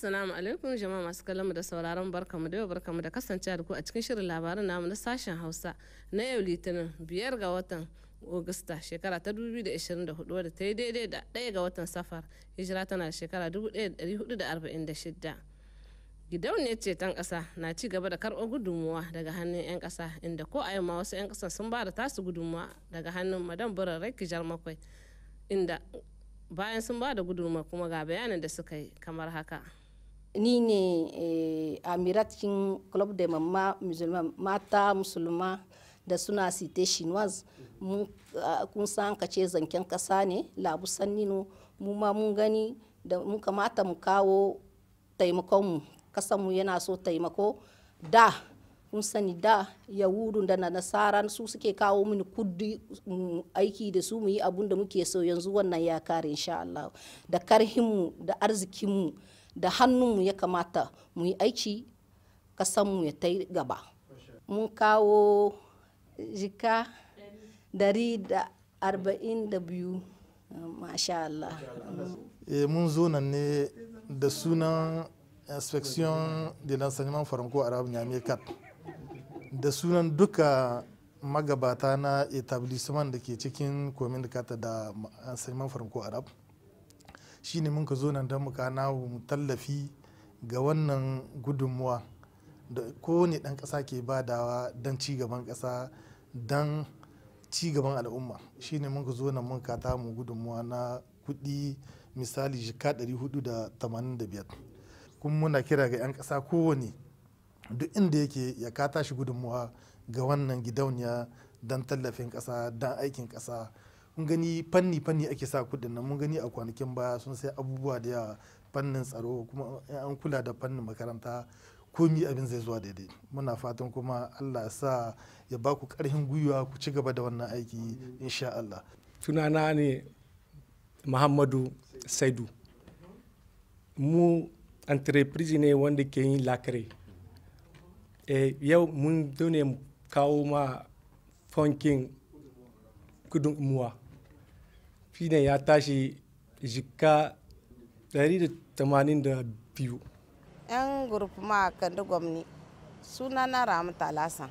Assalamu alaikum jama'a masu mu da sauraron barkamu da yau barkamu da kasancewa da ku a cikin shirin labarin namu na sashen Hausa na yau Litinin biyar ga watan Agusta shekara ta 2024 wadda ta yi daidai da ɗaya ga watan Safar hijira tana da shekara 1446. Gidauniyar ceton ƙasa na ci gaba da karɓar gudunmuwa daga hannun 'yan ƙasa inda ko a yamma wasu 'yan ƙasa sun ba da tasu gudunmuwa daga hannun madan burarai kijar makwai inda bayan sun ba da gudunmuwa kuma ga bayanin da suka yi kamar haka. ni ne eh, amira cikin club da mama musulman mata musulma da suna site chinoise ah, kun san ka ce zanken kasa ne labu sanninu mu ma mun gani da mun kamata mu kawo taimakonmu kasanmu yana so taimako da kun sani da yahudun da na nasara su suke kawo mini kudi mm, aiki da su mu yi abun da muke so yanzu wannan ya kare insha Allah da karhinmu da arzikinmu da hannunmu ya kamata mu yi aiki kasanmu ya ta gaba mun kawo jika dari da arba'in da biyu masha Allah eh, mun zo nan ne da sunan inspection de l'enseignement franco arabe nyame kat da sunan duka magabata na etablissement da ke cikin komin da da enseignement franco arabe shine mun ka zo nan don muka na mu tallafi ga wannan gudunmuwa da kowane ɗan ƙasa ke badawa don cigaban ƙasa don gaban al'umma shine mun ka zo nan mun kata mu gudunmuwa na kuɗi misali jika 485 kuma muna kira ga 'yan ƙasa kowane duk inda yake ya kata shi gudunmuwa ga wannan gidauniya don tallafin ƙasa don aikin ƙasa mun gani fanni fanni ake sa kudin nan mun gani a kwanakin baya sun sai abubuwa da yawa fannin tsaro kuma an kula da fannin makaranta komi abin zai zuwa daidai muna fatan kuma allah sa ya ba ku karfin gwiwa ku ci gaba da wannan aiki insha allah tunana ne muhammadu saidu mu entreprise ne wanda ke yin lakare eh, yau mun dole kawo ma funkin kudin muwa shine ya tashi jikka 182 'yan ma kandi gwamni suna na ramu talasa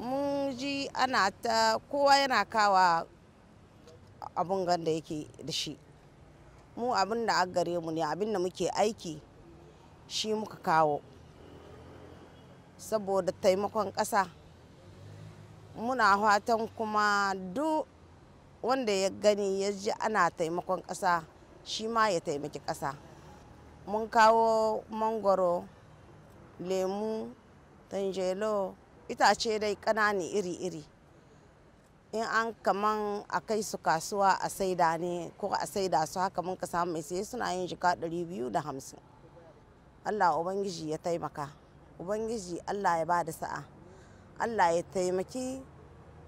mun ji ana ta kowa yana kawa abin ganda yake da shi mu abin da an gare mu ne abin da muke aiki shi muka kawo saboda taimakon ƙasa muna fatan kuma duk wanda ya gani ya ji ana taimakon ƙasa shi ma ya taimaki ƙasa mun kawo mangoro lemu tanjelo itace dai ƙanani iri-iri in an kaman a kai su kasuwa a saida ne ko a saida su haka mun ka samu mai sai suna yin jika 250 allah ubangiji ya taimaka ubangiji allah ya ba da sa'a allah ya taimaki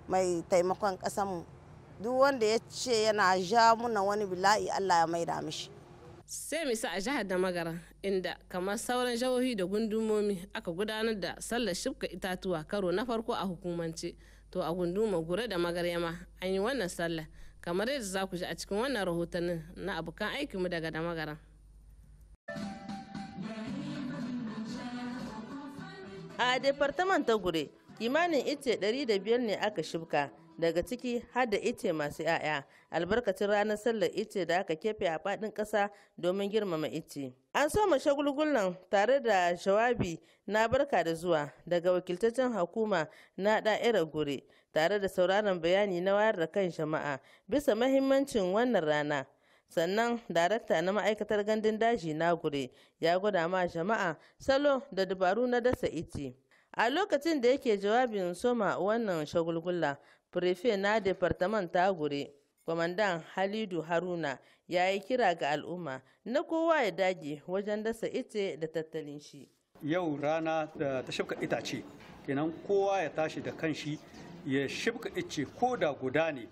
mai taimakon ƙasanmu duk wanda ya ce yana ja muna wani bila'i Allah ya maida mishi sai misa a jihar damagara inda kamar sauran jihohi da gundumomi aka gudanar da sallar shibka itatuwa karo na farko a hukumance to a gunduma gure da magaryama an yi wannan sallar kamar yadda za ku ji a cikin wannan rahotannin na abokan aikinmu daga da a departamenta ta gure kimanin ice 500 ne aka shibka daga ciki har da ice masu 'ya'ya albarkacin ranar sallar ice da aka kefe a fadin kasa domin girmama ice. An soma shagulgulan tare da shawabi na barka da zuwa daga wakiltaccen hukuma na da'irar gure tare da sauraron bayani na wayar da kan jama'a bisa mahimmancin wannan rana. sannan darakta na ma'aikatar gandun daji na gure ya gwada ma jama'a salo da dabaru na dasa ice a lokacin da yake jawabin soma wannan shagulgula Firefe na Departaman Tagore, Kwamandan Halidu Haruna ya yi kira ga al'umma na kowa ya dage wajen dasa ice da tattalin shi. Yau rana da ta shafka itace, kenan kowa ya tashi da kanshi ya shafka ice ko da guda ne,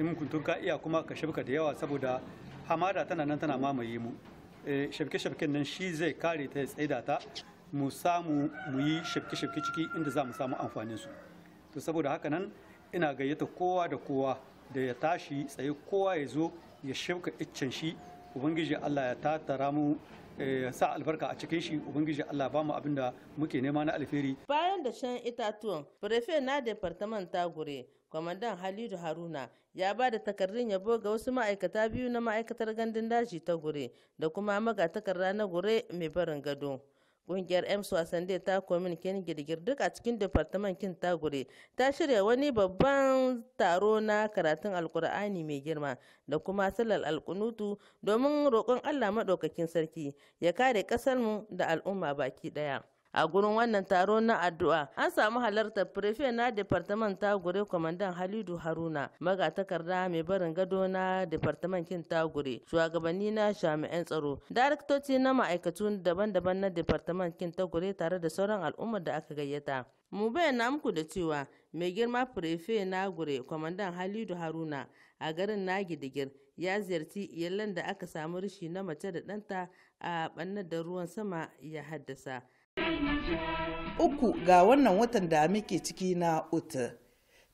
in kuntun ka iya kuma ka shafka da yawa saboda hamada tana nan tana mamaye mu. Eh, Shafke-shafken nan shi zai kare ta ya tsaida ta, mu samu mu yi shafke-shafke ciki inda za mu samu amfaninsu. To saboda haka nan ina gayyata kowa da kowa da ya tashi tsaye kowa ya zo ya shauka iccen shi ubangiji allah ya tattara mu eh, sa albarka a cikin shi ubangiji Allah ba mu abin da muke nema na alheri bayan da shan itatuwan prefe na departament gure kwamandan halidu haruna ya ba da takardun yabo ga wasu ma'aikata biyu na ma'aikatar gandun daji ta gure da kuma magatakarda na gure mai barin gado Ƙungiyar M Swasande ta komin kin girgir duk a cikin departament kin tagure ta shirya wani babban taro na karatun alkur'ani mai girma da kuma sallar alkunutu domin roƙon Allah maɗaukakin sarki ya kare ƙasarmu da al'umma baki ɗaya. a gurin wannan taro na addu'a an samu halartar prefe na departament tagure kwamandan halidu haruna magatakarda mai barin gado na departament kin tagure shugabanni na shami'an tsaro daraktoci na ma'aikatu daban-daban na departament kin tagure tare da sauran al'ummar da aka gayyata mu bayyana muku da cewa mai girma prefe na gure kwamandan halidu haruna a garin gidigir ya ziyarci iyalan da aka samu rishi na mace da ɗanta a ɓannar da ruwan sama ya haddasa Uku ga wannan watan da muke ciki na Uta.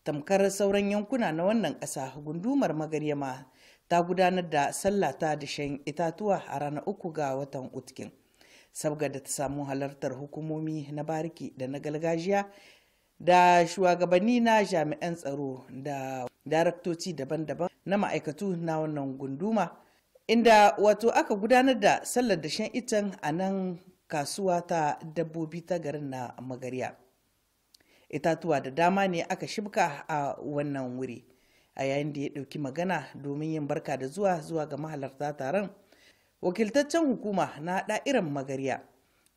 Tamkar sauran yankuna na wannan ƙasa gundumar magaryama ta gudanar da sallah ta dashen itatuwa a ranar uku ga watan Utkin. Sabga da ta samu halartar hukumomi na bariki da na gargajiya da shugabanni na jami'an tsaro da daraktoci daban-daban na ma'aikatu na wannan gunduma inda wato aka gudanar da sallar dashen itan a nan kasuwa ta dabbobi ta garin na magarya itatuwa da dama ne aka shibka a wannan wuri a yayin da ya ɗauki magana domin yin barka da zuwa zuwa ga mahalarta taron wakiltaccen hukuma na da'iran magarya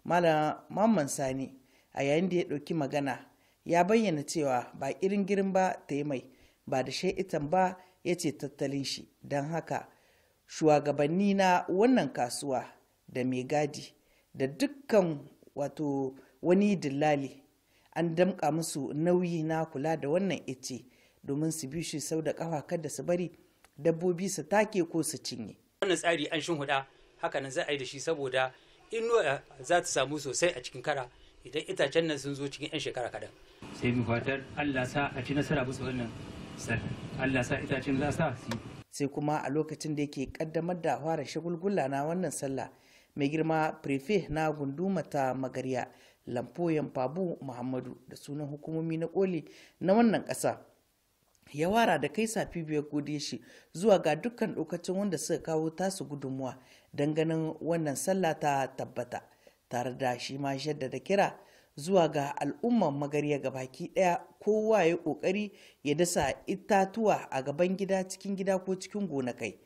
malam mamman sani a yayin da ya ɗauki magana ya bayyana cewa ba irin girin ba ta yi mai ba da sha'itan ba ya ce tattalin shi don haka shugabanni na wannan kasuwa da mai gadi da dukkan wato wani dillali an damƙa musu nauyi na kula da wannan ice domin su bi shi sau da ƙafa kada su bari dabbobi su take ko su cinye. wannan tsari an huda haka nan za a yi da shi saboda inuwa za ta samu sosai a cikin kara idan itacen nan sun zo cikin 'yan shekara kadan. sai mu fatar allah sa a ci nasara musu wannan allah sa itacen za sa sai kuma a lokacin da yake kaddamar da fara shagulgula na wannan sallah mai girma prefe na gunduma ta magarya lamfoyan babu muhammadu da sunan hukumomi na koli na wannan ƙasa ya wara da kai safi biyar gode shi zuwa ga dukkan dokacin wanda suka kawo tasu gudunmuwa don ganin wannan sallah ta tabbata tare da shi ma jaddada kira zuwa ga al'umman magarya baki daya kowa ya kokari ya dasa itatuwa a gaban gida cikin gida ko cikin gonakai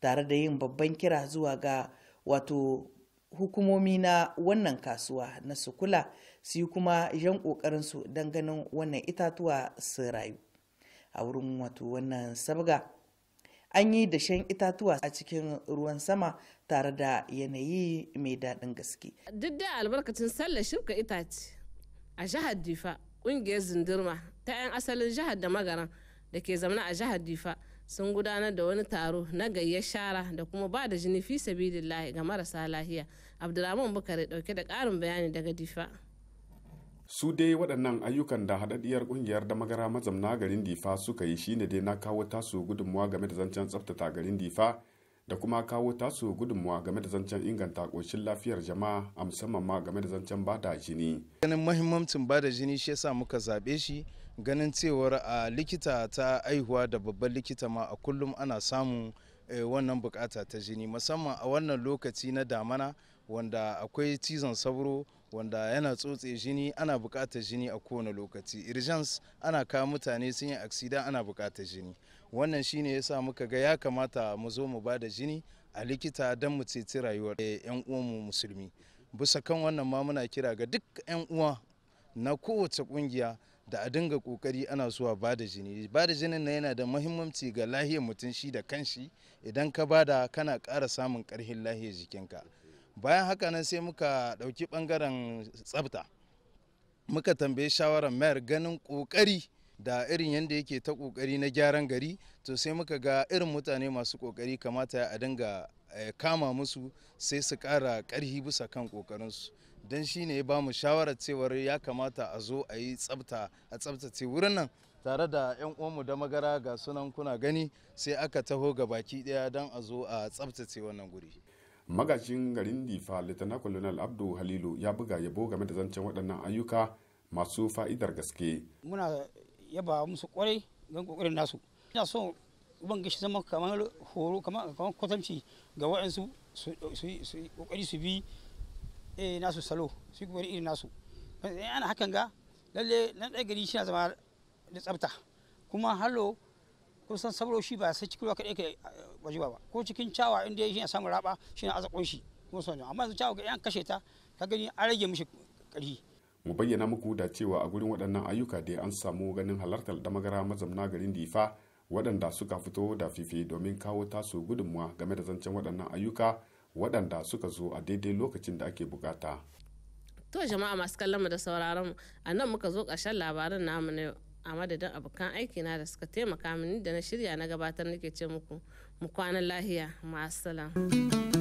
tare da yin babban kira zuwa ga wato hukumomi na wannan kasuwa na sukula kula su yi kuma yan ƙoƙarinsu don ganin wannan itatuwa su rayu a wurin wato wannan sabga an yi dashen itatuwa a cikin ruwan sama tare da yanayi mai daɗin gaske duk da albarkacin sallar shirka itace a jihar difa ƙungiyar zindirma ta 'yan asalin jihar da magaran da ke zaune a jihar difa sun gudanar da wani taro na gayyar shara da kuma ba da jini fi sabidillahi ga marasa lahiya abdulrahman bukari dauke da karin bayani daga difa su dai waɗannan ayyukan da haɗaɗɗiyar ƙungiyar da magara mazamna garin difa suka yi shine dai na kawo tasu gudunmuwa game da zancen tsaftata garin difa da kuma kawo tasu gudunmuwa game da zancen inganta ƙoshin lafiyar jama'a a musamman ma game da zancen bada jini ganin mahimmancin bada jini shi yasa muka zaɓe shi ganin cewar a likita ta aihuwa da babban likita ma a kullum ana samun eh, wannan bukata ta jini musamman a wannan lokaci na damana wanda akwai cizon sauro wanda yana tsotse jini ana bukatar jini a kowane lokaci irjans ana kawo mutane sun yi aksida ana bukatar jini wannan shine ya sa muka ga ya kamata mu zo mu bada jini a likita don mu ceci rayuwar yan eh, uwanmu musulmi bisa kan wannan ma muna kira ga duk yan uwa na kowace kungiya da a dinga kokari ana zuwa ba da jini ba da jinin na yana da muhimmanci ga lahiyar mutum shi da kanshi idan ka bada kana kara samun ƙarfin lahiyar jikinka bayan haka nan sai muka ɗauki bangaren tsafta muka tambayi shawarar mayar ganin ƙoƙari da irin yadda yake ta ƙoƙari na gyaran gari to sai muka ga irin mutane masu ƙoƙari kamata a dinga eh, kama musu sai su ƙara karhi bisa kan ƙoƙarinsu don shi ne ya ba mu shawarar cewar ya kamata a zo a yi tsabta a tsabtace wurin nan tare da 'yan uwanmu da magara ga sunan kuna gani sai aka taho ga baki daya don a zo a tsabtace wannan guri magajin garin difa litana colonel abdu halilu ya buga yabo game da zancen waɗannan ayyuka masu fa'idar gaske muna yaba musu kwarai don kokarin nasu ina so ban gashi zama kamar horo kamar kwatanci ga waɗansu su kokari su bi eh nasu salo su kuma irin nasu eh, ana hakan ga lalle nan ɗaya gari shi na zama da tsafta kuma hallo kusan san sabro shi ba sai cikin kaɗai ke waje eh, ba ko cikin cawa inda shi na samun raba shi na azakon shi kuma son amma yanzu cawa ga yan kashe ta ka gani an rage mishi ƙarfi mu bayyana muku da cewa a gurin waɗannan ayyuka dai an samu ganin halartar damagara mazamna garin difa waɗanda suka fito da fifi domin kawo tasu gudunmuwa game da zancen waɗannan ayyuka waɗanda suka zo a daidai lokacin da ake bukata. To jama'a masu kallon da sauraron a nan muka zo ƙarshen labarin namu na yau a madadin abokan aiki na da suka taimaka mini da na shirya na gabatar nake ce muku mu kwanan lahiya ma'asalam.